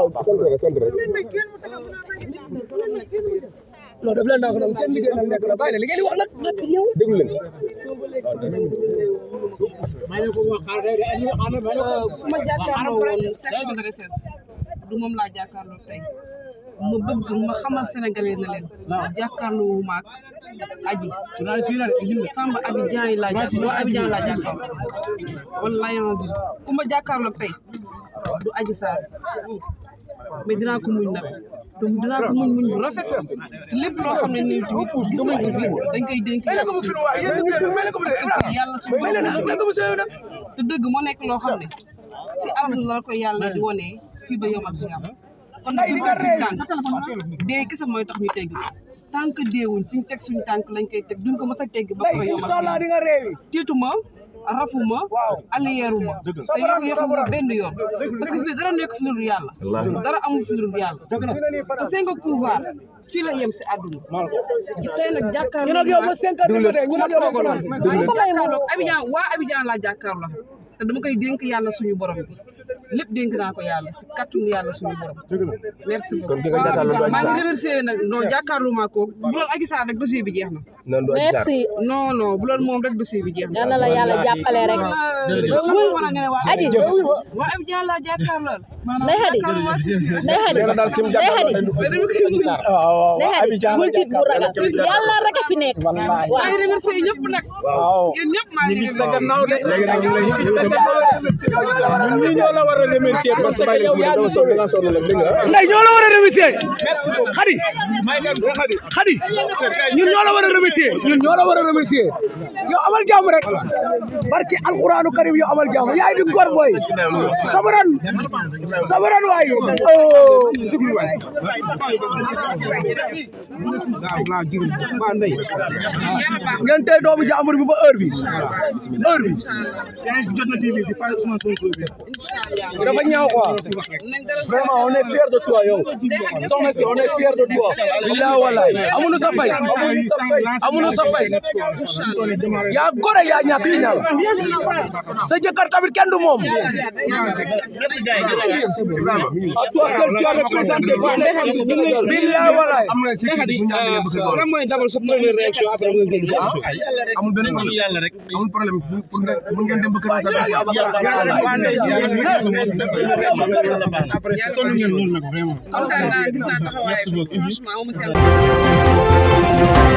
waaw sant rek sant rek. non daf leen daaw nag seen liggéey nag nekk la li ngeen di wax nag nag yow déglu leen. ma jàkkaarloo woon section de recherche moom laa jàkkaarloo tey ma bëgg ma xamal sénégalais na leen jàkkaarloo ma ak aji samba laa jàkkaarloo abi jaay laa jàkkaarloo wala layanzi ku ma du Adji Sarr mais dinaa ko muñ na te dinaa ko muñ muñ bu rafet lépp loo xam ne nii tamit gis nañ ko fi dañ koy dénk yàlla suñu borom te dëgg moo nekk loo xam ne si alam la ko yàlla di wone fii ba yomal fi am kon nag ñu suñu tànk dee kese mooy tax ñu teg tànk deewuñ fi ñu teg suñu tànk lañ koy teg duñ ko mës a tegg ba ko yomal tiitu ma rafuma aliyeeruma te yow yëpp benn yoon parce que fii dara nekk fi lu dul yàlla dara amul fi lu dul yàlla te seen nga pouvoir fii la yem si àdduna tey nag jàkkaarloo ñu nag yow ma senkaatuma de ñu nag yow ma ko lool te dama koy dénk yàlla suñu borom bi lépp dénk naa ko yàlla si kàttanu yàlla suñu borom. merci beaucoup kon maa ngi remercier nag non jàkkaarloo maa ko bu loolu bi jeex na. merci non non bu loolu moom rek dossier bi jeex na. yàlla la yàlla jàppale rek. aji waaw yàlla jàkkaarloo Ndeye Khady Ndeye Khady Ndeye Khady Ndeye Khady bul tiit bu ragal yàlla rek a fi nekk. waaw maa ngi ñun ñii a la war a remercier parce que yow yaa ngi sonn nga sonn la dégg nga. ndey ñoo la war a remercier xadi xadi ñun ñoo la war a remercier ñun ñoo la war a remercier yow amal jàmm rek barki alquranu karim yow amal jàmm yaay di góor booy sabaran sabaran waay oh ngeen tey doomu jàmbur bi ba heure bi heure bi dafa ñaaw quoi vraiment on est fier de toi yow soxna si on est fier de toi billaay wallaay amuñu sa fay amuñu sa fay yaa gore yaa ñàkk yi ñaal sa jëkkër tamit kenn du moom à toi seul tu as représenté billaay wallaay lan mooy d'abord sa première réaction après nga gën amul benn macha allah gis naa taxawaay bi franchement